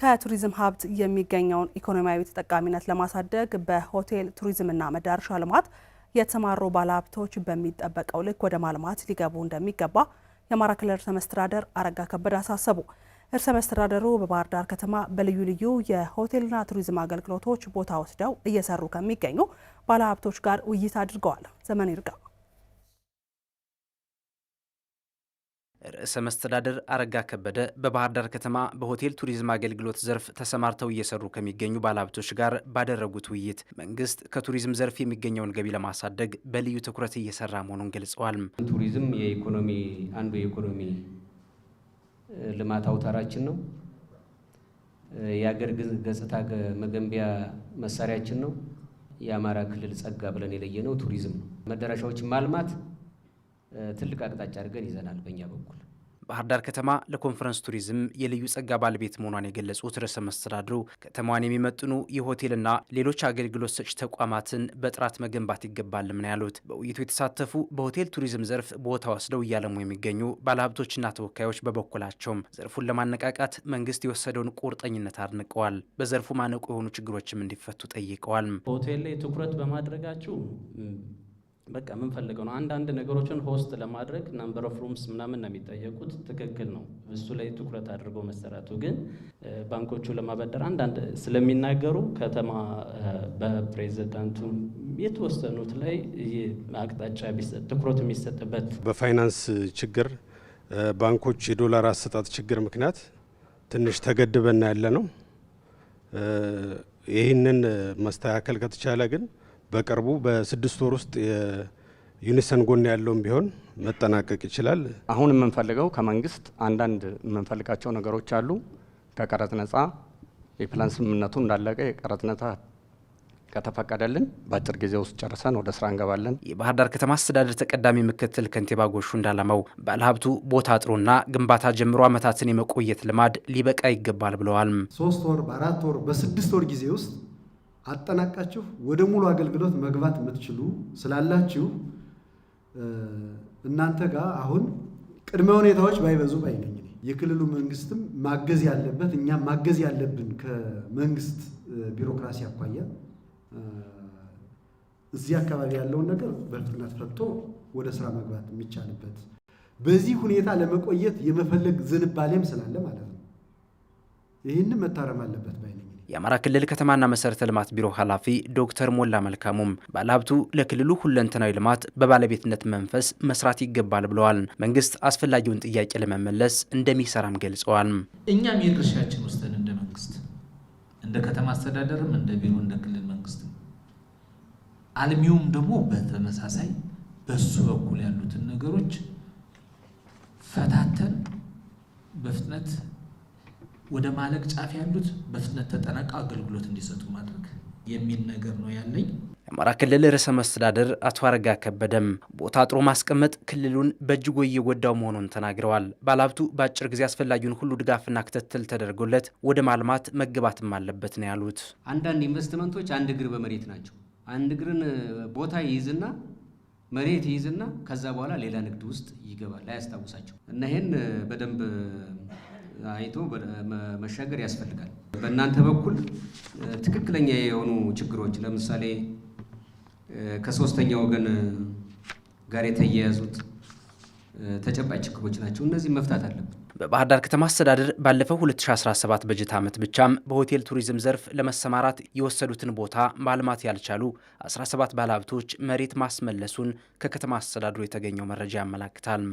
ከቱሪዝም ሀብት የሚገኘውን ኢኮኖሚያዊ ተጠቃሚነት ለማሳደግ በሆቴል ቱሪዝምና መዳረሻ ልማት የተሰማሩ ባለሀብቶች በሚጠበቀው ልክ ወደ ማልማት ሊገቡ እንደሚገባ የአማራ ክልል ርዕሰ መስተዳደር አረጋ ከበደ አሳሰቡ። ርዕሰ መስተዳደሩ በባህር ዳር ከተማ በልዩ ልዩ የሆቴልና ቱሪዝም አገልግሎቶች ቦታ ወስደው እየሰሩ ከሚገኙ ባለሀብቶች ጋር ውይይት አድርገዋል። ዘመን ይርጋ ርዕሰ መስተዳደር አረጋ ከበደ በባህር ዳር ከተማ በሆቴል ቱሪዝም አገልግሎት ዘርፍ ተሰማርተው እየሰሩ ከሚገኙ ባለሀብቶች ጋር ባደረጉት ውይይት መንግስት ከቱሪዝም ዘርፍ የሚገኘውን ገቢ ለማሳደግ በልዩ ትኩረት እየሰራ መሆኑን ገልጸዋል። ቱሪዝም የኢኮኖሚ አንዱ የኢኮኖሚ ልማት አውታራችን ነው። የአገር ገጽታ መገንቢያ መሳሪያችን ነው። የአማራ ክልል ጸጋ ብለን የለየነው ቱሪዝም ነው። መዳረሻዎችን ማልማት ትልቅ አቅጣጫ አድርገን ይዘናል በእኛ በኩል። ባህር ዳር ከተማ ለኮንፈረንስ ቱሪዝም የልዩ ጸጋ ባለቤት መሆኗን የገለጹት ርዕሰ መስተዳድሩ ከተማዋን የሚመጥኑ የሆቴልና ሌሎች አገልግሎት ሰጪ ተቋማትን በጥራት መገንባት ይገባልም ነው ያሉት። በውይይቱ የተሳተፉ በሆቴል ቱሪዝም ዘርፍ ቦታ ወስደው እያለሙ የሚገኙ ባለሀብቶችና ተወካዮች በበኩላቸውም ዘርፉን ለማነቃቃት መንግስት የወሰደውን ቁርጠኝነት አድንቀዋል። በዘርፉ ማነቁ የሆኑ ችግሮችም እንዲፈቱ ጠይቀዋል። ሆቴል ላይ ትኩረት በማድረጋችሁ በቃ ፈልገው ነው። አንዳንድ ነገሮችን ሆስት ለማድረግ ናምበር ኦፍ ሩምስ ምናምን ነው የሚጠየቁት። ትክክል ነው። እሱ ላይ ትኩረት አድርጎ መሰራቱ ግን ባንኮቹ ለማበደር አንዳንድ ስለሚናገሩ ከተማ በፕሬዚዳንቱ የተወሰኑት ላይ አቅጣጫ ትኩረት የሚሰጥበት በፋይናንስ ችግር ባንኮች የዶላር አሰጣጥ ችግር ምክንያት ትንሽ ተገድበና ያለ ነው። ይህንን መስተካከል ከተቻለ ግን በቅርቡ በስድስት ወር ውስጥ የዩኒሰን ጎን ያለውም ቢሆን መጠናቀቅ ይችላል። አሁን የምንፈልገው ከመንግስት አንዳንድ የምንፈልጋቸው ነገሮች አሉ። ከቀረጥ ነጻ የፕላን ስምምነቱ እንዳለቀ የቀረጥ ነጻ ከተፈቀደልን በአጭር ጊዜ ውስጥ ጨርሰን ወደ ስራ እንገባለን። የባህር ዳር ከተማ አስተዳደር ተቀዳሚ ምክትል ከንቲባ ጎሹ እንዳላማው ባለሀብቱ ቦታ አጥሮና ግንባታ ጀምሮ ዓመታትን የመቆየት ልማድ ሊበቃ ይገባል ብለዋል። ሶስት ወር በአራት ወር በስድስት ወር ጊዜ ውስጥ አጠናቃችሁ ወደ ሙሉ አገልግሎት መግባት የምትችሉ ስላላችሁ እናንተ ጋር አሁን ቅድመ ሁኔታዎች ባይበዙ ባይነኝ የክልሉ መንግስትም ማገዝ ያለበት እኛም ማገዝ ያለብን ከመንግስት ቢሮክራሲ አኳያ እዚህ አካባቢ ያለውን ነገር በፍጥነት ፈጥቶ ወደ ስራ መግባት የሚቻልበት በዚህ ሁኔታ ለመቆየት የመፈለግ ዝንባሌም ስላለ ማለት ነው። ይህንም መታረም አለበት ባይነኝ የአማራ ክልል ከተማና መሰረተ ልማት ቢሮ ኃላፊ ዶክተር ሞላ መልካሙም ባለሀብቱ ለክልሉ ሁለንተናዊ ልማት በባለቤትነት መንፈስ መስራት ይገባል ብለዋል። መንግስት አስፈላጊውን ጥያቄ ለመመለስ እንደሚሰራም ገልጸዋል። እኛም የድርሻችን ውስጥን እንደ መንግስት እንደ ከተማ አስተዳደርም እንደ ቢሮ እንደ ክልል መንግስት አልሚውም ደግሞ በተመሳሳይ በሱ በኩል ያሉትን ነገሮች ፈታተን በፍጥነት ወደ ማለቅ ጫፍ ያሉት በፍጥነት ተጠናቀው አገልግሎት እንዲሰጡ ማድረግ የሚል ነገር ነው ያለኝ። የአማራ ክልል ርዕሰ መስተዳደር አቶ አረጋ ከበደም ቦታ አጥሮ ማስቀመጥ ክልሉን በእጅጉ እየጎዳው መሆኑን ተናግረዋል። ባለሀብቱ በአጭር ጊዜ አስፈላጊውን ሁሉ ድጋፍና ክትትል ተደርጎለት ወደ ማልማት መግባትም አለበት ነው ያሉት። አንዳንድ ኢንቨስትመንቶች አንድ እግር በመሬት ናቸው። አንድ እግርን ቦታ ይይዝና መሬት ይይዝና ከዛ በኋላ ሌላ ንግድ ውስጥ ይገባል፣ አያስታውሳቸው እና ይህን በደንብ አይቶ መሻገር ያስፈልጋል። በእናንተ በኩል ትክክለኛ የሆኑ ችግሮች ለምሳሌ ከሶስተኛ ወገን ጋር የተያያዙት ተጨባጭ ችግሮች ናቸው። እነዚህ መፍታት አለብን። በባህር ዳር ከተማ አስተዳደር ባለፈው 2017 በጀት ዓመት ብቻም በሆቴል ቱሪዝም ዘርፍ ለመሰማራት የወሰዱትን ቦታ ማልማት ያልቻሉ 17 ባለሀብቶች መሬት ማስመለሱን ከከተማ አስተዳደሩ የተገኘው መረጃ ያመላክታል።